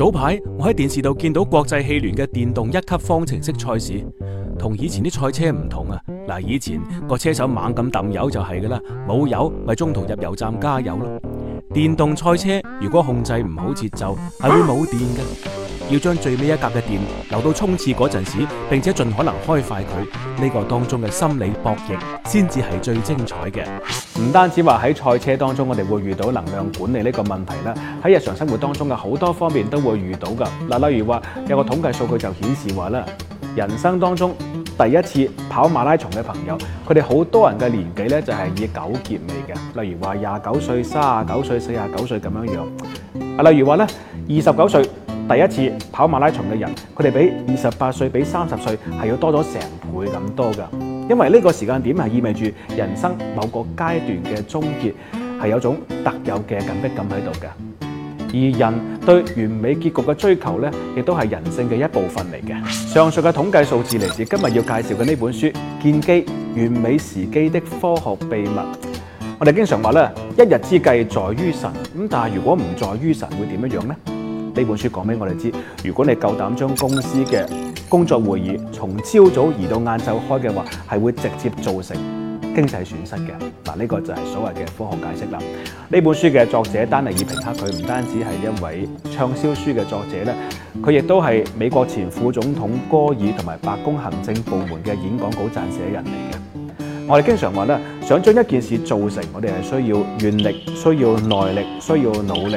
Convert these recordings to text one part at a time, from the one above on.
早排我喺電視度見到國際汽聯嘅電動一級方程式賽事，同以前啲賽車唔同啊！嗱，以前個車手猛咁抌油就係噶啦，冇油咪中途入油站加油咯。電動賽車如果控制唔好節奏，係會冇電嘅。要將最尾一格嘅電留到衝刺嗰陣時，並且盡可能開快佢，呢個當中嘅心理博弈，先至係最精彩嘅。唔單止話喺賽車當中，我哋會遇到能量管理呢個問題啦，喺日常生活當中嘅好多方面都會遇到噶嗱。例如話有個統計數據就顯示話咧，人生當中第一次跑馬拉松嘅朋友，佢哋好多人嘅年紀呢就係以九結尾嘅，例如話廿九歲、卅九歲、四十九歲咁樣樣啊。例如話呢二十九歲。第一次跑馬拉松嘅人，佢哋比二十八歲、比三十歲係要多咗成倍咁多噶。因為呢個時間點係意味住人生某個階段嘅終結，係有種特有嘅緊迫感喺度嘅。而人對完美結局嘅追求咧，亦都係人性嘅一部分嚟嘅。上述嘅統計數字嚟自今日要介紹嘅呢本書《見機：完美時機的科學秘密》。我哋經常話咧，一日之計在於晨，咁但係如果唔在於晨會怎樣呢，會點樣樣呢本書講俾我哋知，如果你夠膽將公司嘅工作會議從朝早移到晏晝開嘅話，係會直接造成經濟損失嘅。嗱，呢個就係所謂嘅科學解釋啦。呢本書嘅作者丹尼爾平克，佢唔單止係一位暢銷書嘅作者咧，佢亦都係美國前副總統戈爾同埋白宮行政部門嘅演講稿撰寫人嚟嘅。我哋經常話咧，想將一件事做成，我哋係需要願力，需要耐力，需要努力，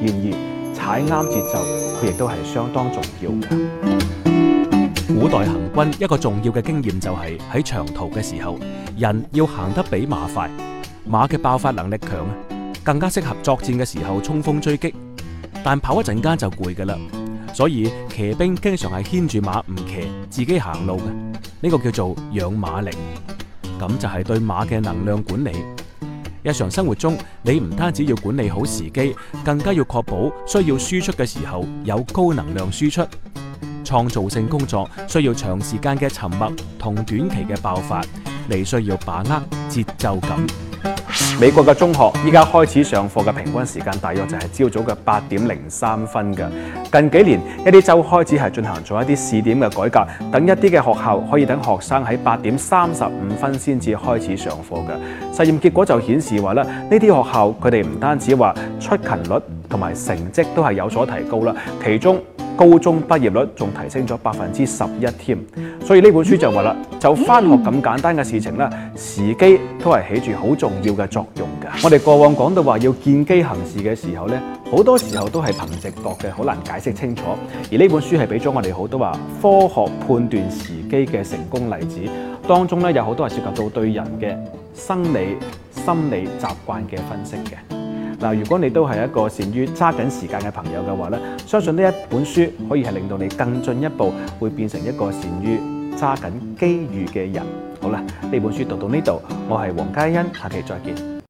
然而，踩啱節奏，佢亦都係相當重要嘅。古代行軍一個重要嘅經驗就係喺長途嘅時候，人要行得比馬快。馬嘅爆發能力強啊，更加適合作戰嘅時候衝鋒追擊，但跑一陣間就攰㗎啦。所以騎兵經常係牽住馬唔騎，自己行路嘅，呢個叫做養馬力，咁就係對馬嘅能量管理。日常生活中，你唔單止要管理好時機，更加要確保需要輸出嘅時候有高能量輸出。創造性工作需要長時間嘅沉默同短期嘅爆發，你需要把握節奏感。美國嘅中學依家開始上課嘅平均時間大約就係朝早嘅八點零三分嘅。近幾年一啲州開始係進行咗一啲試點嘅改革，等一啲嘅學校可以等學生喺八點三十五分先至開始上課嘅。實驗結果就顯示話咧，呢啲學校佢哋唔單止話出勤率同埋成績都係有所提高啦，其中高中畢業率仲提升咗百分之十一添。所以呢本書就話啦，就翻學咁簡單嘅事情咧。時機都係起住好重要嘅作用㗎。我哋過往講到話要見機行事嘅時候呢，好多時候都係憑直覺嘅，好難解釋清楚。而呢本書係俾咗我哋好多話科學判斷時機嘅成功例子，當中呢有好多係涉及到對人嘅生理、心理習慣嘅分析嘅。嗱，如果你都係一個善於揸緊時間嘅朋友嘅話呢，相信呢一本書可以係令到你更進一步，會變成一個善於。揸緊機遇嘅人，好啦，呢本書讀到呢度，我係黃嘉欣，下期再見。